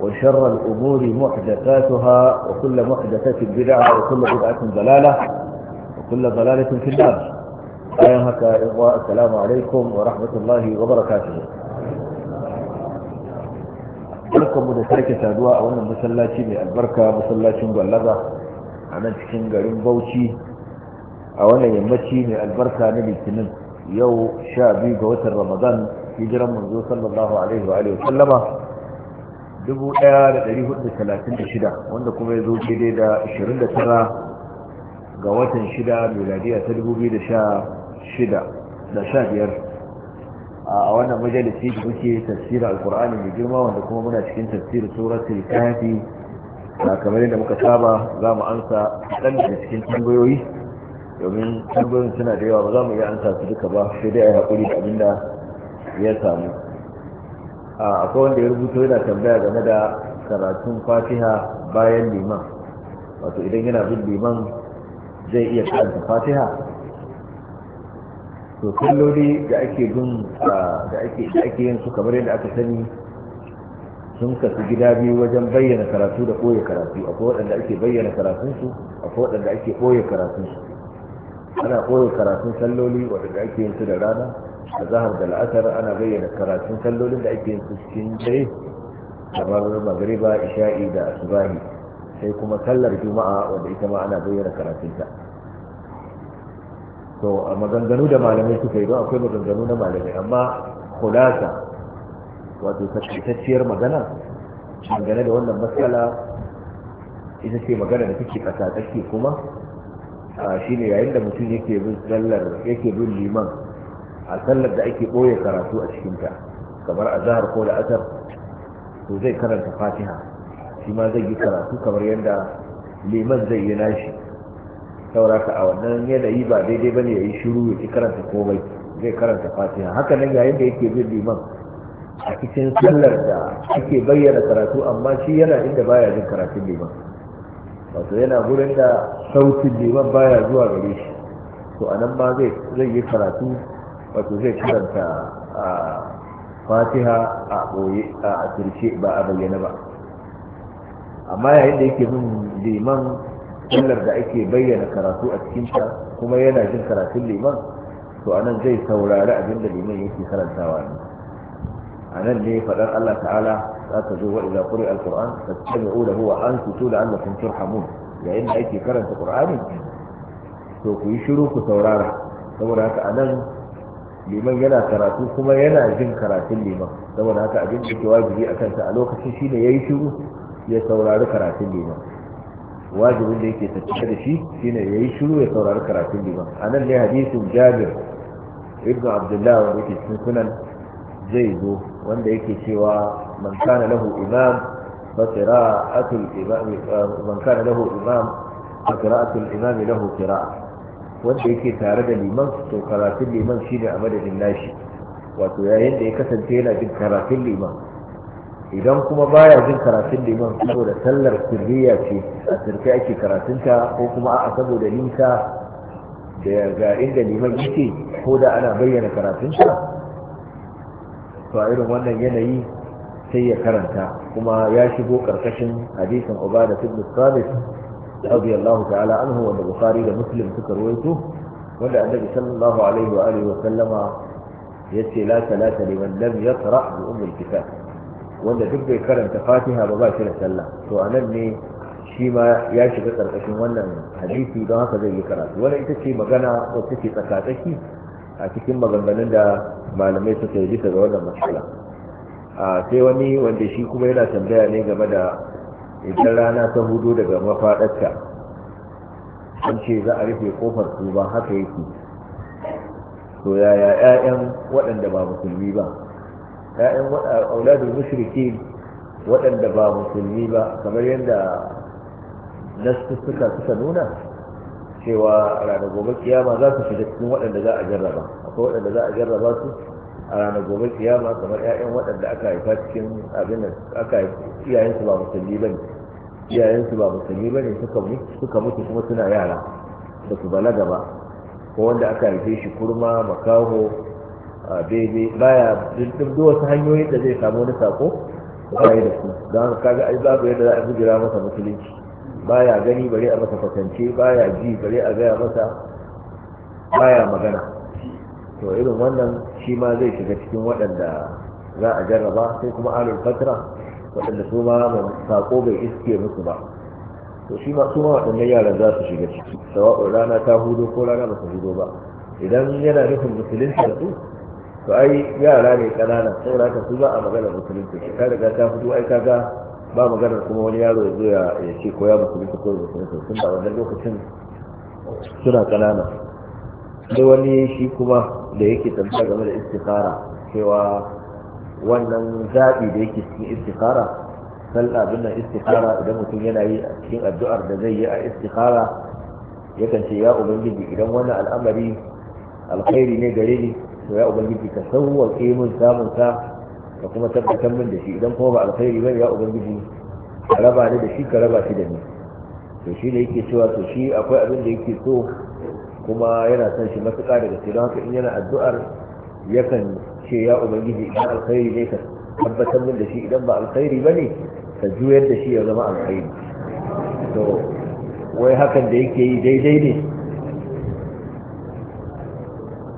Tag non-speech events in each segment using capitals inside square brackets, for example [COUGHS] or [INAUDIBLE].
وشر الأمور محدثاتها وكل محدثات بدعة وكل بدعة ضلالة وكل ضلالة في النار أيهك إخوة السلام عليكم ورحمة الله وبركاته barkan mu da sake saduwa a wannan masallaci mai albarka masallacin gwallaza a nan cikin garin bauchi a wannan yammaci mai albarka na litinin yau sha biyu ga watan ramadan hijiran manzo sallallahu alaihi wa sallama 1436 wanda kuma ya zo daidai da 29 ga watan 6 miladiya ta 2016 da 15 a wannan majalisi da muke tafsirin alkur'ani mai girma wanda kuma muna cikin tafsirin suratul kafi kamar yadda muka saba za mu ansa ɗan da cikin tambayoyi domin tambayoyin suna da yawa ba za mu iya ansa su duka ba sai dai a yi haƙuri da abin da ya samu akwai wanda ya rubuto yana tambaya game da karatun fatiha bayan liman wato idan yana bin liman zai iya karanta fatiha to kalloli da ake bin da ake da ake yin su kamar yadda aka sani sun kasu gida biyu wajen bayyana karatu da koya karatu akwai waɗanda ake bayyana karatunsu akwai waɗanda ake koya karatunsu ana koya karatun salloli waɗanda ake yin su da rana a zahar da la'asar ana bayyana karatun kallolin da ake yin su cikin dare kamar magariba isha'i da asubahi sai kuma kallar juma'a wanda ita ma ana bayyana karatunta to a maganganu da malamai suka yi don akwai maganganu na malamai amma kulasa wato takaitacciyar magana dangane da wannan matsala ita ce magana da take kasa take kuma shine yayin da mutum yake bin sallar yake bin liman a sallar da ake ɓoye karatu a cikinta kamar a zahar ko da asar to zai karanta fatiha shi ma zai yi karatu kamar yadda liman zai yi nashi sauraka a wannan yanayi ba daidai bane ya yi shiru ya ci karanta komai zai karanta fatiha haka nan yayin da yake bin liman a cikin sallar da ake bayyana karatu amma shi yana inda baya jin karatun liman wato yana gurin da sautin liman baya zuwa gare shi to anan ma zai yi karatu wato zai karanta fatiha a ɓoye a turce ba a bayyana ba amma yayin da yake bin liman sallar da ake bayyana karatu a cikinta kuma yana jin karatun liman to anan zai saurari abin da liman yake karantawa ne a nan ne faɗar allah ta'ala za ta zo waɗanda ƙuri alƙur'an ta tabi'u da huwa an fito da allah kun turhamun yayin da ake karanta ƙur'ani to ku yi shiru ku saurara saboda haka a nan liman yana karatu kuma yana jin karatun liman saboda haka abin da ke wajibi a kansa a lokacin shi ne ya yi shiru ya saurari karatun liman wajibin da yake tattare da shi shi ne ya yi shiru ya saurari karatun liman a nan ne hadisin jabir ibn abdullahi wanda yake cikin sunan zai zo wanda yake cewa man kana lahu imam فقراءة الإمام من wanda yake tare da liman to karatun liman shine a madadin nashi wato yayin da ya kasance yana jin karatun liman idan kuma baya jin karatun liman saboda sallar sirriya ce a sirkai ake karatunta ko kuma a saboda nisa da ga inda liman yake ko da ana bayyana karatunta to a irin wannan yanayi sai ya karanta kuma ya shigo karkashin hadisin ubada da sabit radiyallahu ta'ala anhu wanda bukhari da muslim suka rawaito wanda annabi sallallahu alaihi wa alihi wa sallama yace la salata liman lam yaqra bi ummul kitab wanda duk bai karanta fatiha ba ba shi da sallah to anan ne shi ma ya shiga karkashin wannan hadisi don haka zai yi karatu wannan ita ce magana wacce tsakatsaki a cikin maganganun da malamai suka yi bisa ga wannan matsala sai wani wanda shi kuma yana tambaya ne game da idan rana ta hudu daga mafaɗarta an ce za a rufe kofar tuba haka yake to yaya 'ya'yan waɗanda ba musulmi ba 'ya'yan auladul mushriki waɗanda ba musulmi ba kamar yadda nasu suka suka nuna cewa ranar gobe kiyama za su shiga cikin waɗanda za a jarraba akwai waɗanda za a jarraba su a ranar gobe kiyama kamar ƴaƴan waɗanda aka haifa cikin abin da aka iyayensu ba musulmi bane iyayensu ba musulmi bane suka mutu suka mutu kuma suna yara da su balaga ba ko wanda aka haife shi kurma makaho bebe baya duk wasu hanyoyin da zai samu wani sako ba da su don haka kaga ai babu yadda za a bugira masa musulunci baya gani bare a masa kwatance baya ji bare a gaya masa baya magana to irin wannan shi ma zai shiga cikin waɗanda za a jarraba sai kuma alul fatra waɗanda su ma sako bai iske musu ba to shi ma su ma waɗannan yaran za su shiga ciki sawa'un rana ta hudo ko rana ba su hudo ba idan yana nufin musulunci su to ai yara ne ƙanana saboda haka su za a maganar musulunci ka riga ta fito ai kaga ba maganar kuma wani yaro ya zo ya ce ko ya musulunci ko ya musulunci tun da wannan lokacin suna ƙanana sai wani shi kuma da yake tambaya game da istikara cewa wannan zaɓi da yake cikin istikara sallah abin nan istikara idan mutum yana yi a cikin addu'ar da zai yi a istikara yakan ce ya ubangiji idan wani al'amari alkhairi ne gare ni to ya ubangiji ka sauwaƙe min samun sa ka kuma tabbatar min da shi idan kuma ba alkhairi bane ya ubangiji ka raba ni da shi ka raba shi da ni to shi ne yake cewa to shi akwai abin da yake so kuma yana son shi matuƙa daga gaske don haka in yana addu'ar yakan ce ya ubangiji idan alkhairi ne ka tabbatar min da shi idan ba alkhairi ba ne ka juyar da shi ya zama alkhairi to wai hakan da yake yi daidai ne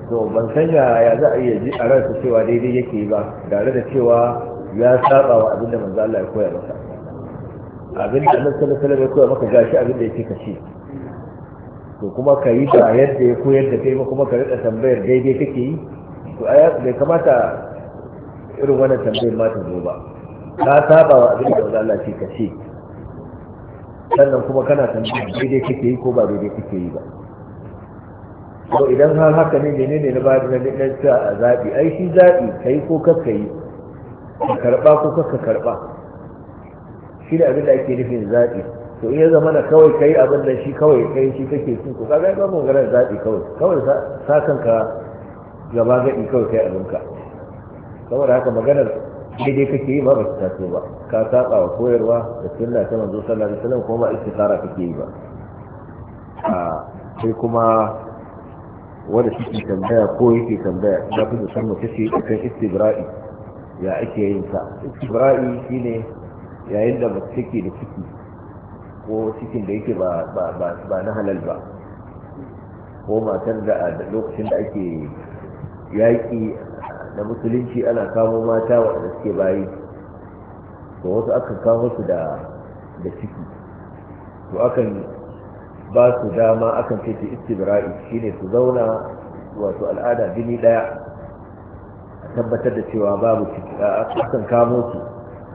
to ban san ya za a iya ji a ransa cewa daidai yake yi ba tare da cewa ya saba wa abin da manzo Allah ya koya masa abin da Allah sallallahu alaihi wasallam ya koya maka gashi abin da yake kace to kuma ka yi ta yadda ya koyar da kai ba kuma ka rika tambayar daidai kake yi to a bai kamata irin wannan tambayar ma ta zo ba ka saba wa abin da wanda Allah ce ka ce sannan kuma kana tambayar daidai kake yi ko ba daidai kake yi ba to idan har haka ne ne ne na bayar na na a zaɓi ai shi zaɓi kai ko kaka yi ka karɓa ko kaka karba shi ne abin da ake nufin zaɓi to in ya zama na kawai kai abin da shi kawai kai shi kake sun ku kaga ba mu zaɓi kawai kawai sa kanka gaba gaɗi kawai kai abinka saboda haka maganar daidai kake yi ba ba su taso ba ka saba wa koyarwa da sunna ta manzo sallallahu alaihi wasallam kuma ba istikhara kake yi ba sai kuma wanda suke tambaya ko yake tambaya na fi musamman ta ce kan istibra'i ya ake yin sa istibra'i shine yayin da mace take da ciki ko cikin da yake ba na halal ba ko matar da a lokacin da ake yaƙi na musulunci ana kamo mata waɗanda suke bayi to wasu akan kawo su da ciki to akan ba su dama akan ce ta istibra'i shine su zauna wato al'ada jini ɗaya a tabbatar da cewa babu ciki a akan kamo su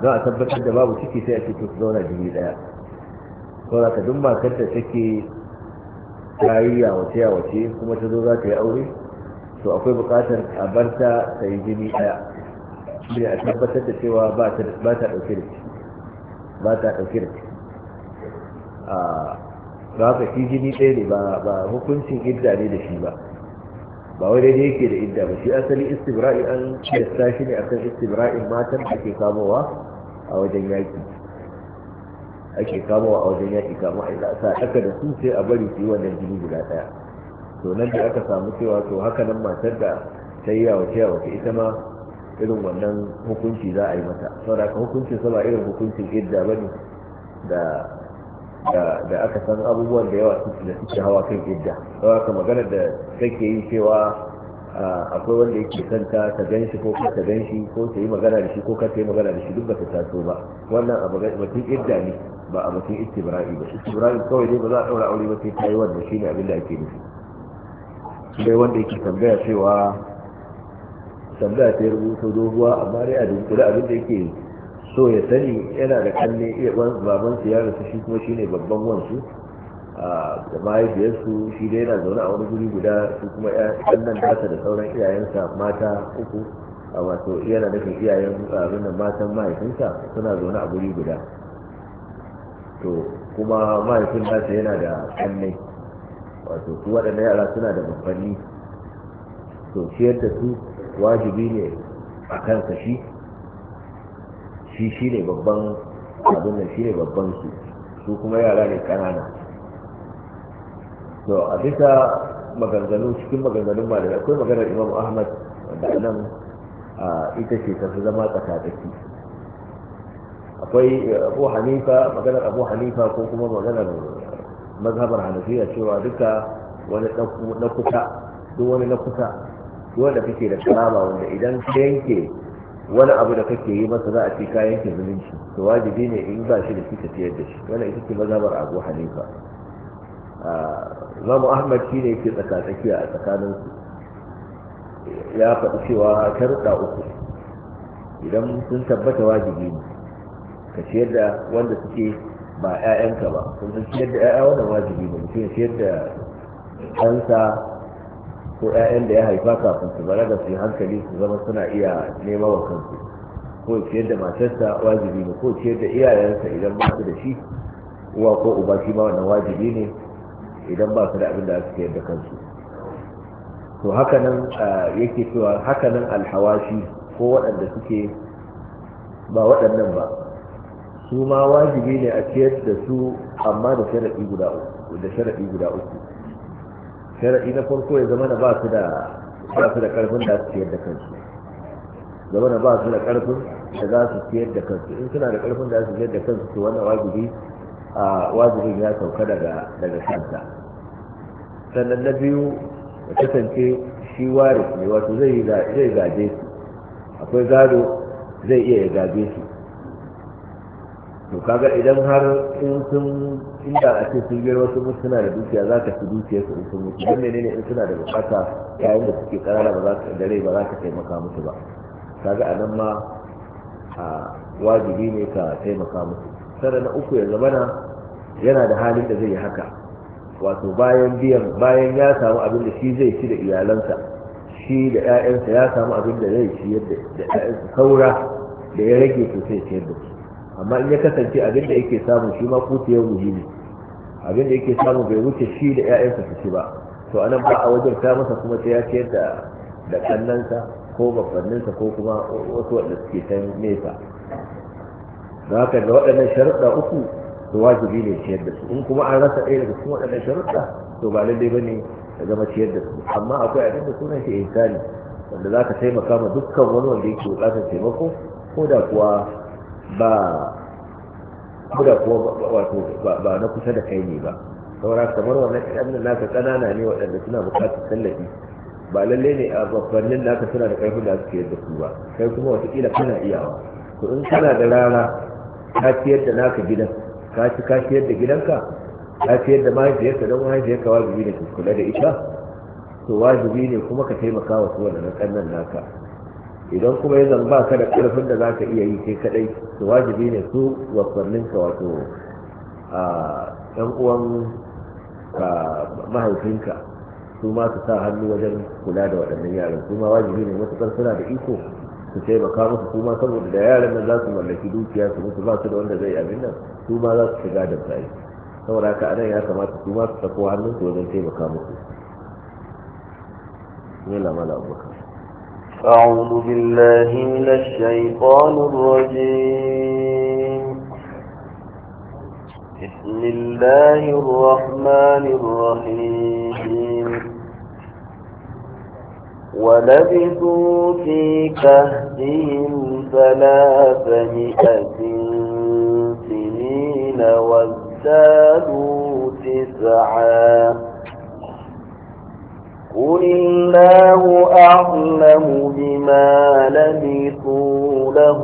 don a tabbatar da babu ciki sai a ce su zauna jini ɗaya saboda ka duk matar da take ta wace yawace wace kuma ta zo za ta yi aure to akwai bukatar a bar ta ta yi jini ɗaya ne a tabbatar da cewa ba ta ɗauke da ba ta ɗauke da ba haka shi jini ɗaya ne ba hukuncin idda ne da shi ba ba wai daidai yake da idda ba shi asali istibra'i an kiyasta shi ne akan istibra'in matan da ke kamowa a wajen yaki ake kamawa a wajen yaƙi kama a sa aka da su sai a bari su yi wannan jini guda ɗaya to nan da aka samu cewa to haka nan matar da ta yi yawa cewa wata ita ma irin wannan hukunci za a yi mata saboda ka hukuncin sama irin hukuncin idda bane da da aka san abubuwan da yawa da suke hawa kan idda saboda ka magana da take yi cewa akwai wanda yake son ta gan shi ko ta gan shi ko ta yi magana da shi ko ka ta yi magana da shi duk ba ta taso ba wannan abu batun idda ne ba a mutum istibra'i ba istibra'i kawai dai ba za a daura aure ba sai ta yi wanda shi ne abin da ake nufi sai wanda yake tambaya cewa tambaya ta rubuta doguwa amma dai a dunkule abin da yake so ya sani yana da kanne iya baban su ya rasu shi kuma shi ne babban wansu da mahaifiyarsu shi dai yana zaune a wani guri guda su kuma nan tasa da sauran iyayensa mata uku a wato yana nufin iyayen abin da matan mahaifinsa suna zaune a guri guda to kuma mahaifin nasa yana da kannai wato su waɗanda yara suna da babbanni to ciyar da su wajibi ne a kansa shi shi shi ne babban abin da, shi ne babban su su kuma yara ne ƙanana to a bisa maganganu cikin maganganun malamai akwai maganar imam ahmad wanda nan ita ce ta fi zama tsakatsaki akwai abu hanifa maganar abu hanifa ko kuma maganar mazhabar hanafiya cewa duka wani na kusa duk wani na kusa duk wanda kake da karama wanda idan ka yanke wani abu da kake yi masa za a ce ka yanke zumunci to wajibi ne in ba shi da shi tafiyar da shi wannan ita ce mazhabar abu hanifa imamu ahmad shine yake tsakatsakiya a tsakanin ya faɗi cewa sharuɗa uku idan sun tabbata wajibi ne ka ciyar da wanda suke ba 'ya'yanka ba kuma san ciyar da 'ya'ya wannan wajibi ba mutum ciyar da ɗansa ko 'ya'yan da ya haifa kafin su da su yi hankali su zama suna iya nema wa kansu ko ciyar da matarsa wajibi ne ko ciyar da iyayensa idan ba su da shi uwa ko uba shi ma wannan wajibi ne idan ba su da abin da aka ciyar da kansu to haka nan yake cewa haka nan alhawashi ko waɗanda suke ba waɗannan ba su ma wajibi ne a ciyar da su amma da sharaɗi guda uku da sharaɗi guda uku sharaɗi na farko ya zama na ba su da ba su da ƙarfin da su ciyar da kansu zama na ba su da ƙarfin da za su ciyar da kansu in suna da ƙarfin da su ciyar da kansu to wannan wajibi a wajibin ya sauka daga daga kanta sannan na biyu ya kasance shi ware ne wato zai zai gaje su akwai gado zai iya ya gaje su to kaga idan har in sun inda a ce sun girma sun suna da dukiya za ka ci dukiyar su in sun mutu don menene in suna da bukata yayin da suke karara ba za ka dare ba za ka taimaka musu ba kaga a nan ma a wajibi ne ka taimaka musu sana na uku ya zamana yana da halin da zai yi haka wato bayan biyan bayan ya samu abin da shi zai ci da iyalansa shi da 'ya'yansa ya samu abin da zai ci yadda da saura da ya rage to sai ciyar da su amma in ya kasance abin da yake samu shi ma ya wuce ne abin da yake samu bai wuce shi da 'ya'yansa su ci ba to anan ba a wajen ta masa kuma ta ya ciyar da da kannansa ko babbanninsa ko kuma wasu wanda suke can nesa don haka da waɗannan sharuɗa uku to wajibi ne ciyar da su in kuma an rasa ɗaya daga cikin waɗannan sharuɗa to ba lallai ba ne ya zama ciyar da su amma akwai abin da sunan shi ihsani wanda za ka taimaka ma dukkan wani wanda yake buƙatar taimako ko da kuwa ba kuda ko wato ba na kusa da kai ne ba saboda kamar wannan na naka tsanana ne waɗanda suna buƙatar tallafi ba lalle ne a babbannin naka suna da ƙarfin da suke yadda su ba kai kuma kila kana iyawa to in kana da rara ka ciyar da naka gidan ka ci ka ciyar da gidanka ka ciyar da mahaifiyarka don mahaifiyarka wajibi ne ka kula da ita to wajibi ne kuma ka taimaka wa su waɗannan ƙannan naka idan kuma ya zamba ka da ƙarfin da za ka iya yi kai kaɗai to wajibi ne su ka wato a ɗan uwan mahaifinka su ma su sa hannu wajen kula da waɗannan yaran su ma wajibi ne matuƙar suna da iko su taimaka musu su ma saboda da yaran nan za su mallaki dukiya su mutu ba su da wanda zai abin nan su ma za su shiga da sa'i saboda haka anan ya kamata su ma su sako su wajen taimaka musu. Ne lamala abubakar. أعوذ بالله من الشيطان الرجيم بسم الله الرحمن الرحيم ولبثوا في كهدهم مئة سنين وازدادوا تسعا قل الله أعلم بما لبثوا له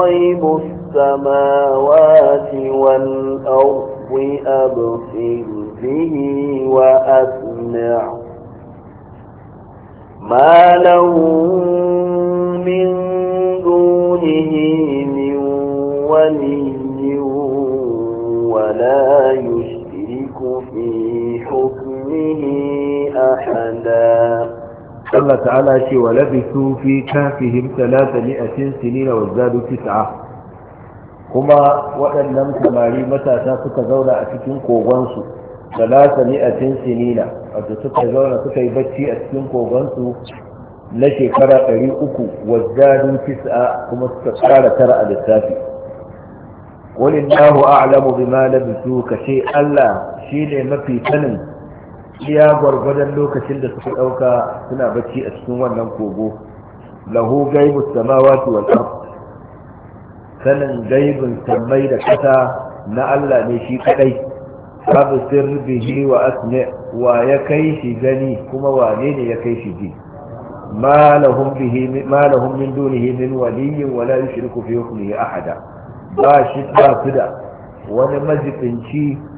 غيب السماوات والأرض أبصر به وأسمع ما لهم من دونه من ولي ولا يشرك في حكمه أحدا الله تعالى شيء ولبثوا في كهفهم ثلاثمائة سنين وازدادوا تسعة كما وأن لم تماري متى تاسك زولا أتكين كوغانسو ثلاثمائة سنين أتسك زولا سكي بشي أتكين كوغانسو نشي كرا قريئكو وازدادوا تسعة كما استقال ترى الثافي ولله أعلم بما لبثوا كشيء الله شيء ما في سنن iya gwargwadon lokacin da suka ɗauka suna bacci a cikin wannan kogo lahu gaibu samawati wal ard sanin gaibin sammai da ƙasa na Allah ne shi kadai babu sirbihi wa asmi wa ya kai shi gani kuma wane ne ya kai shi ji ma lahum min dunihi min waliyyin wala yushriku fi hukmihi ahada ba shi ba su da wani majibinci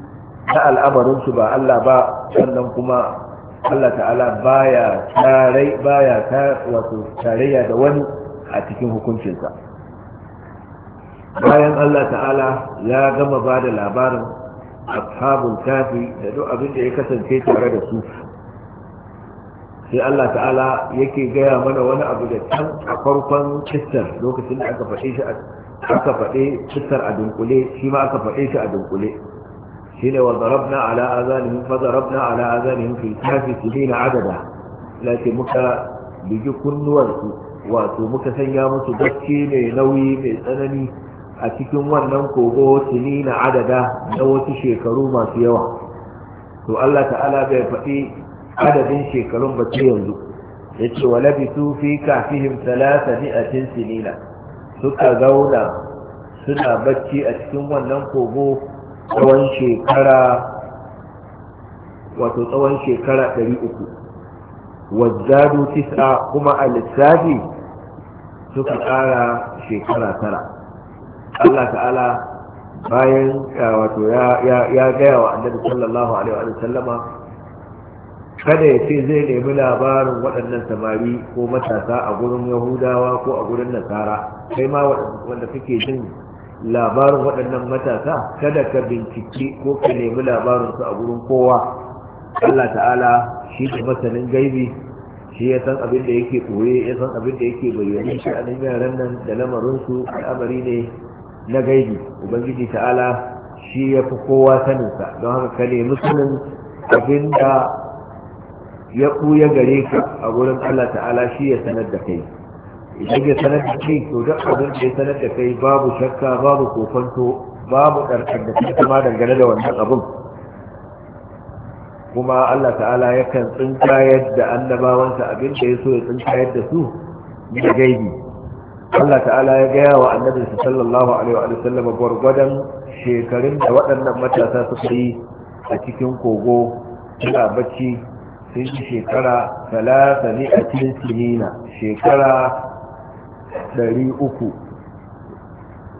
na al'amarinsu ba Allah ba sannan kuma Allah ta'ala baya tarai baya ta wato tarayya da wani a cikin hukuncinsa bayan Allah ta'ala ya gama ba da labarin ashabul kafi da duk abin da ya kasance tare da su sai Allah ta'ala yake gaya mana wani abu da can a farkon kistar lokacin da aka faɗe shi aka faɗe kistar a dunkule shi ma aka faɗe shi a dunkule shine wa darabna ala azanihim fa darabna ala azanihim fil kahfi sinin muka bigi kunnuwarsu wato muka sanya musu bacci mai nauyi mai tsanani a cikin wannan kogo sinina adada na wasu shekaru masu yawa to Allah ta'ala bai faɗi adadin shekarun ba yanzu ya ce wa labisu fi kafihim talata mi'atin sinina suka zauna suna bacci a cikin wannan kogo tsawon shekara wato tsawon shekara 300 wazzadu tis'a kuma a lissafi suka ƙara shekara tara Allah ta'ala bayan wato ya gaya wa annabi sallallahu alaihi wa sallama kada ya ce zai nemi labarin waɗannan samari ko matasa a gurin yahudawa ko a gurin nasara kai ma wanda suke jin labarin waɗannan matasa kada ka bincike ko ka nemi labarinsu a gurin kowa Allah ta'ala shi da masanin gaibi shi ya san abin da yake koye ya san abin da yake bayyane shi a nan yaran nan da lamarinsu al'amari ne na gaibi ubangiji ta'ala shi ya fi kowa saninsa don haka ka nemi sanin abin da ya ɓuya gare ka a gurin Allah ta'ala shi ya sanar da kai idan ya sanar da kai to duk abin da ya sanar da kai babu shakka babu kofanto, babu ɗarɗar da kuma dangane da wannan abin kuma Allah ta'ala yakan tsinka yadda annabawansa abin da ya so ya tsinka yadda su da gaibi Allah ta'ala ya gaya wa annabinsa sallallahu alaihi wa sallam gwargwadon shekarun da waɗannan matasa suka yi a cikin kogo suna bacci sun yi shekara talata a cikin shekara ɗari uku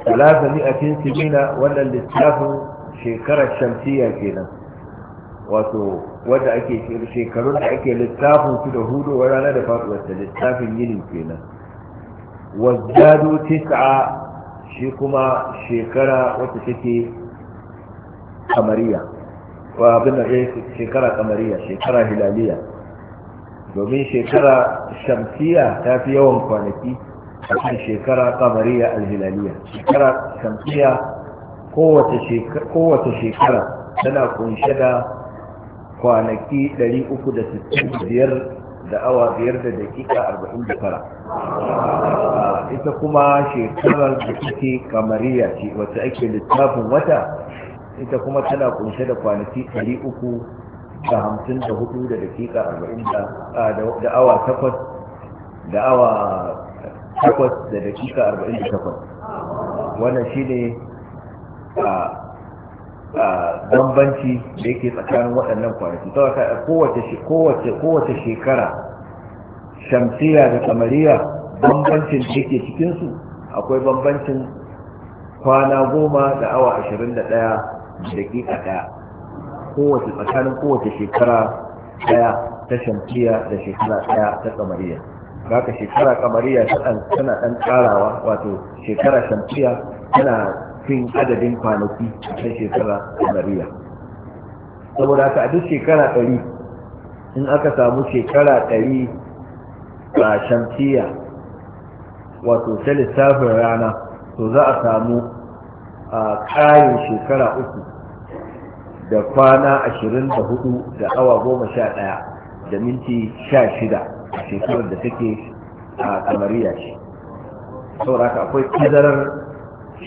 talata mi'atin simina wannan littafin shekarar shamsiya kenan wato wadda ake shekarun da ake littafin su da hudu wa rana da faɗuwar littafin yinin kenan wazzadu tis'a shi kuma shekara wata take kamariya ko abin da eh, shekara kamariya shekara hilaliya domin shekara shamsiya ta fi yawan kwanaki a kan shekara kabariya alhilaliya shekara shamsiya kowace shekara tana kunshe da kwanaki 365 da awa 5 da dakika 49 ita kuma shekarar da take kamariya ce wacce ake littafin wata ita kuma tana kunshe da kwanaki 300 da hamsin da hudu da dakika arba'in da awa takwas da awa takwas da dakika arba'in da takwas wannan shi ne bambanci da yake tsakanin waɗannan kwanaki kowace shekara shamsiya da kamariya bambancin da yake cikinsu akwai bambancin kwana goma da awa ashirin da ɗaya da dakika ɗaya kowace tsakanin kowace shekara ɗaya ta shamsiya da shekara ɗaya ta kamariya haka shekara kamariya tana ɗan ƙarawa wato shekara shamsiya tana fin adadin kwanaki ta shekara kamariya saboda haka duk shekara ɗari in aka samu shekara ɗari a shamsiya wato ta lissafin rana to za a samu a ƙarin shekara uku da kwana ashirin da hudu da awa goma sha ɗaya da minti sha shida a shekarar da take a kamariya ce saboda haka akwai tazarar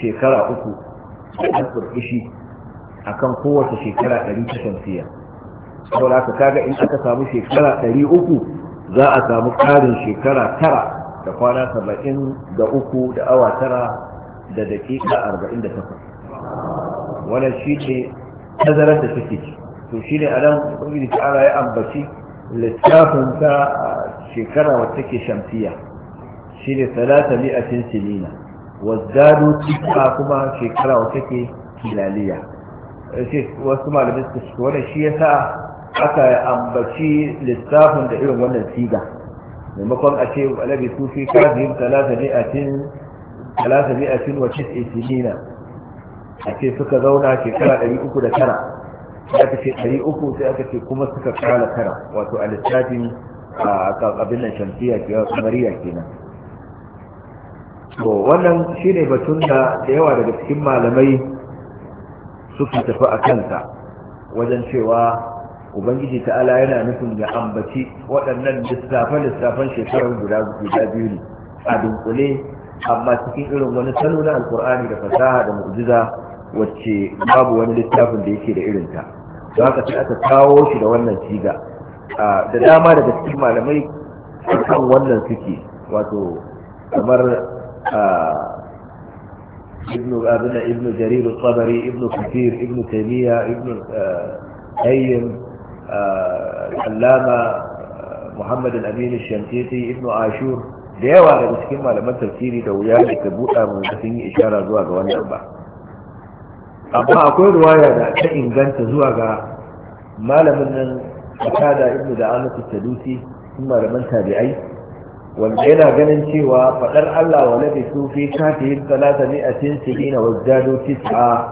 shekara uku a an a kan kowace shekara ɗari ta shamsiya saboda haka kaga in aka samu shekara ɗari uku za a samu ƙarin shekara tara da kwana saba'in da uku da awa tara da daƙiƙa arba'in da takwas wannan shi ne tazarar da take ci to shi ne a nan ubangiji ta'ala ya ambaci littafin ta shekara wacce ke shamsiya shi ne talata mi'atin sinina wazdadu tisa kuma shekara wacce ke hilaliya eh, wasu malamai suka shi wannan shi ya sa aka ambaci lissafin da irin wannan siga maimakon a ce alabi sufi kazim talata mi'atin talata mi'atin wa tis'i sinina a ce suka zauna shekara ɗari uku da tara sai aka ce ɗari uku sai aka ce kuma suka kala tara wato a lissafin a abin nan shamsiya kamariya kenan to wannan ne batun da da yawa daga cikin malamai suka tafi a kansa wajen cewa ubangiji ta'ala yana nufin ya ambaci waɗannan lissafe-lissafen shekarar guda guda biyu ne a dunkule amma cikin irin wani salo na alkur'ani da fasaha da mu'jiza wacce babu wani littafin da yake da irinta za ka sai aka kawo shi da wannan siga da dama daga cikin malamai kan wannan suke wato kamar ابن ibnu ابن جرير ibnu ابن ibnu ابن ibnu ابن قيم العلامه محمد الامين الشنقيطي ibnu ashur da yawa daga cikin malaman tafsiri da wuya da ka buɗa mu sun yi ishara zuwa ga wannan ba amma akwai ruwaya da ta inganta zuwa ga malamin nan da ibnu da amatu sadusi da man tabi'ai wanda yana ganin cewa faɗar Allah wa labi su fi kafihin talata ne a cin sirina wa zado tis'a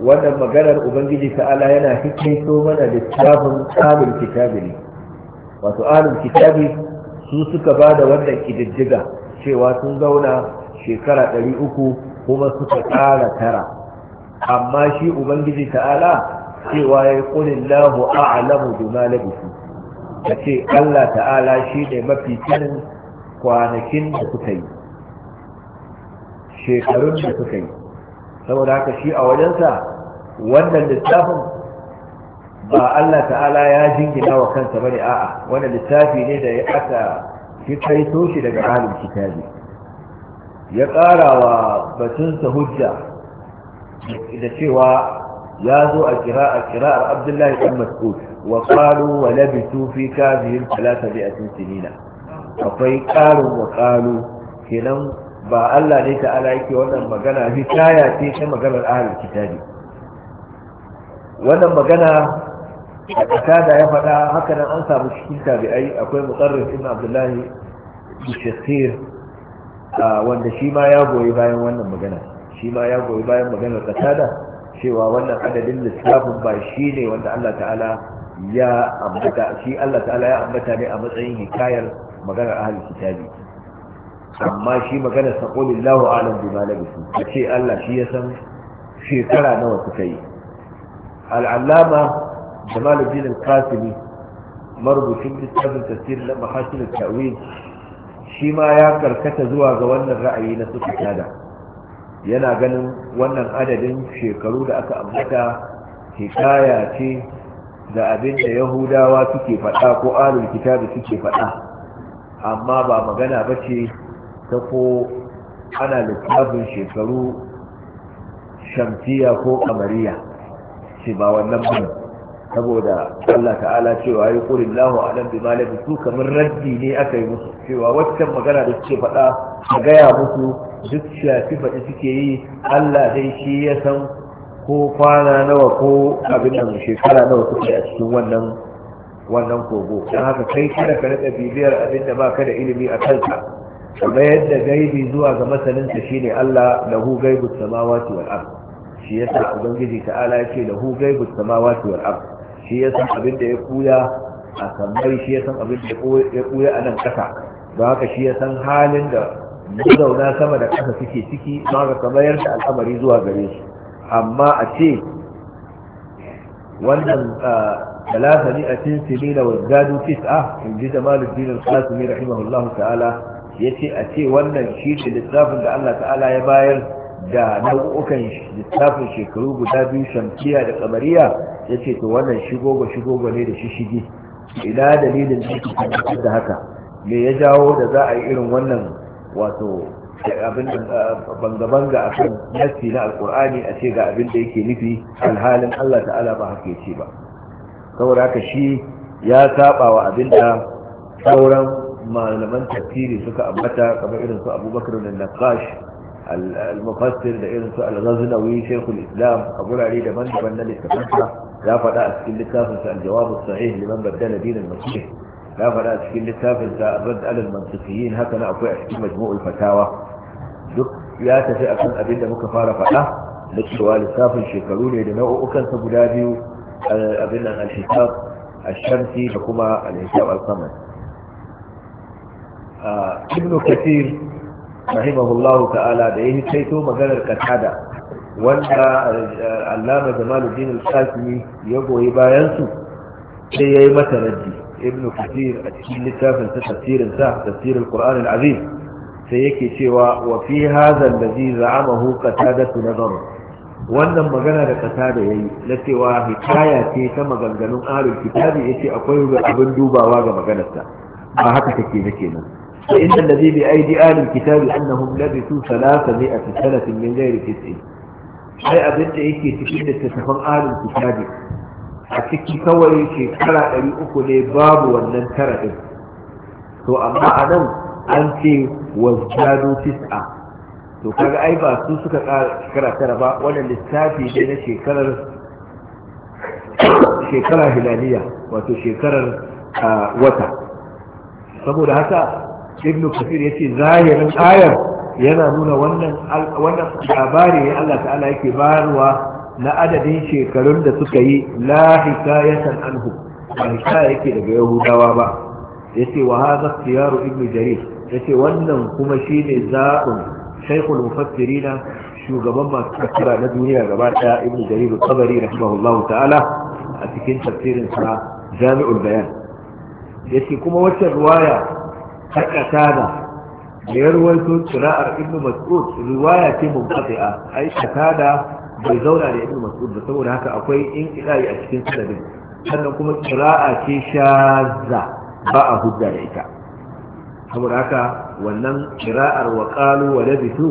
wannan maganar ubangiji ta'ala yana hikaito mana littafin tsamin kitabi ne wato alin kitabi su suka ba da wannan kididdiga cewa sun zauna shekara ɗari uku kuma suka ƙara tara amma shi ubangiji ta'ala cewa ya yi kulin lahu a'lamu bima labisu ka ce Allah ta'ala shi ne mafi sanin kwanakin da suka yi shekarun da suka yi saboda haka shi a wajensa wannan littafin ba Allah ta'ala ya jingina wa kansa bane a'a wannan littafi ne da ya aka fitaito shi daga ahlul kitabi ya ƙara wa batunsa hujja da cewa ya zo a kira a kira a abdullahi ɗan mas'ud wa qalu wa labitu fi kafihim talata bi'atin sinina akwai ƙarin wa qalu kenan ba Allah ne ta'ala yake wannan magana fi kaya ce ta maganar ahlul kitabi wannan magana a da ya faɗa haka nan an samu cikin tabi'ai akwai mutsarrif ibn abdullahi bishir ah, wanda shi ma ya goyi bayan wannan magana shi ma ya goyi bayan maganar kasada cewa wannan adadin lissafin ba shi ne wanda Allah ta'ala ya ambata shi Allah ta'ala ya ambata ne a matsayin hikayar maganar ahli kitabi amma shi maganar saqulillahu alam bima labisu ce Allah shi ya san shekara nawa suka yi al da Jamaluddin al-Qasimi marubucin littafin tafsir na mahasin tawil shi ma ya karkata zuwa ga wannan ra'ayi na suka tada yana ganin wannan adadin shekaru da aka ambata hikaya ce da abin da yahudawa suke faɗa ko alul kitabi suke faɗa amma ba magana ba ce ta ko ana littafin shekaru shamsiya ko kamariya ce ba wannan saboda Allah ta'ala cewa ya kurin lahu alam bi malabi su kamar raddi ne aka yi musu cewa waccan magana da suke faɗa a gaya musu duk shafi baɗi suke yi Allah dai shi ya san ko kwana nawa ko abin nan shekara nawa suke a cikin wannan wannan kogo don haka kai kada ka rika bibiyar abin da ba ka da ilimi a kanka kuma yadda gaibi zuwa ga ta shine Allah lahu gaibu samawati wal ard shi yasa ubangiji ta'ala yake lahu gaibu samawati wal ard shi yasa abin da ya kuya a kamar shi yasa abin da ya kuya a nan kasa don haka shi yasa halin da mazauna sama da ƙasa suke ciki ba ga da al'amari zuwa gare su amma a ce wannan talata ne a cin sini da wajadu tis'a in ji da malu dinar salatu ne rahimahullah ta'ala ya ce a ce wannan shi da littafin da allah ta'ala ya bayar da nau'ukan littafin shekaru guda biyu shamsiya da kamariya ya ce to wannan shi goma shi ne da shi shige ina dalilin da haka me ya jawo da za a yi irin wannan wato banga-banga a kan nassi na alkur'ani a ce ga abin da yake nufi alhalin Allah ta'ala ba haka ce ba saboda haka shi ya saba wa abin da sauran malaman tafsiri suka ambata kamar irin su abubakar da naqash al-mufassir da irin su al-ghaznawi shaykhul islam a gurare daban-daban na littafansa ya faɗa a cikin littafinsa al-jawab sahih liman baddala dinan masjid na faɗa a cikin littafin sa abad alal mantiqiyin haka na akwai a cikin majmu'ul fatawa duk ya tafi akan abin da muka fara faɗa na cewa lissafin shekaru ne da nau'ukan sa guda biyu eh, abin nan al-hisab al-shamsi da kuma al-hisab al-qamar ah, ibn kathir rahimahullahu ta'ala da yayi kaito maganar qatada wanda eh, allama jamaluddin al-qasimi ya goyi bayan su sai yayi mata raddi ibn kathir a cikin littafin sa tafsirin sa tasirin qur'an al-azim sai yake cewa wa fi hadha hukata za'amahu na nazar wannan magana da qatada yayi na cewa hikaya ce ta maganganun ahlul kitabi yace akwai abin dubawa ga maganarsa ba haka take ba kenan فإن الذي بأيدي آل الكتاب أنهم لبثوا ثلاثمائة سنة من غير كسئ أي أبدا إيكي تكيد تتفن آل الكتاب a ciki kawai shekara ɗari uku ne babu wannan tara ɗin to amma a nan an ce wajjano tis'a to kaga ai ba su suka shekara tara ba wannan lissafi ne na shekarar shekara hilaliya wato shekarar wata saboda haka ibn kafir ya ce zahirin ayar yana nuna wannan labari ne allah ta'ala yake bayarwa na adadin shekarun da suka yi la hikayatan anhu ba hikaya yake daga yahudawa ba yace wa hadha siyaru ibn jarir yace wannan kuma shine zaɓin shaykhul mufassirina shugaban masu tattara na duniya gaba ibnu ibn jarir al-tabari rahimahullahu ta'ala a cikin tafsirin sa jami'ul bayan yace kuma wacce riwaya ta katada da ya ruwaito kira'ar ibn mas'ud riwaya ce a ai da. bai zauna da ibn mas'ud ba saboda haka akwai in ilahi a cikin sanadin sannan kuma qira'a ce shazza ba a hujja da ita saboda haka wannan qira'ar wa qalu wa labithu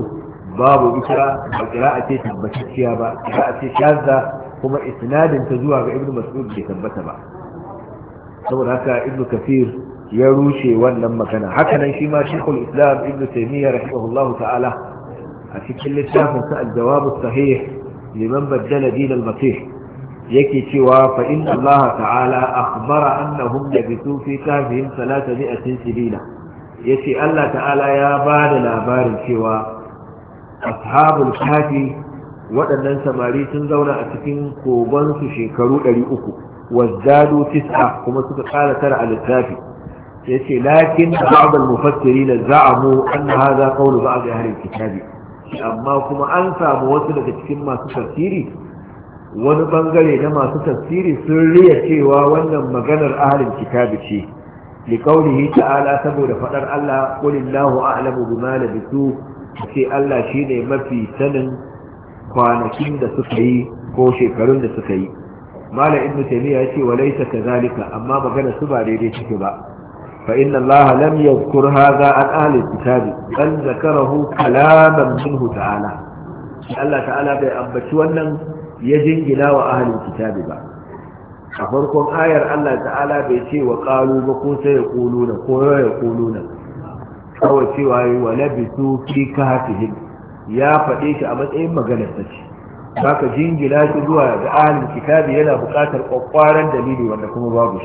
babu ita ba qira'a ce tabbatacciya ba qira'a ce shazza kuma isnadin ta zuwa ga ibn mas'ud bai tabbata ba saboda haka ibn kafir ya rushe wannan magana haka nan shi ma shekul islam ibn taimiyya rahimahullahu ta'ala a cikin littafin sa al sahih liman baddala dinal masih yake cewa fa inna Allah ta'ala akhbara annahum labithu fi kahfihim 300 sinina yace Allah ta'ala ya ba da labarin cewa ashabul kahfi waɗannan samari sun zauna a cikin kogonsu shekaru 300 wazdadu tis'a kuma suka ƙara tara a littafi yace lakin ba'd al-mufassirin za'amu Za hadha qawlu ba'd ahli al-kitabi amma kuma an samu wasu daga cikin masu tafsiri wani bangare na masu tafsiri sun riya cewa wannan maganar ahalin kitabi ce liqaulihi ta'ala saboda fadar Allah qulillahu a'lamu bima labisu ce Allah shine mafi sanin kwanakin da suka yi ko shekarun da suka yi malam ibnu taymiya yace walaysa kadhalika amma maganar su ba daidai take ba فإن الله لم يذكر هذا عن أهل الكتاب بل ذكره كلاما منه تعالى الله تعالى بأنبت ونن يجنجنا وأهل الكتاب با أفركم آية الله تعالى بيتي وقالوا بكو سيقولون قوة يقولون أو سواي ولبثوا في كهفهم يا فإيش أمد إيه مغلطة ذاك جنجنا شدوا بأهل الكتاب يلا بقاتل قطارا دليلي وأنكم بابش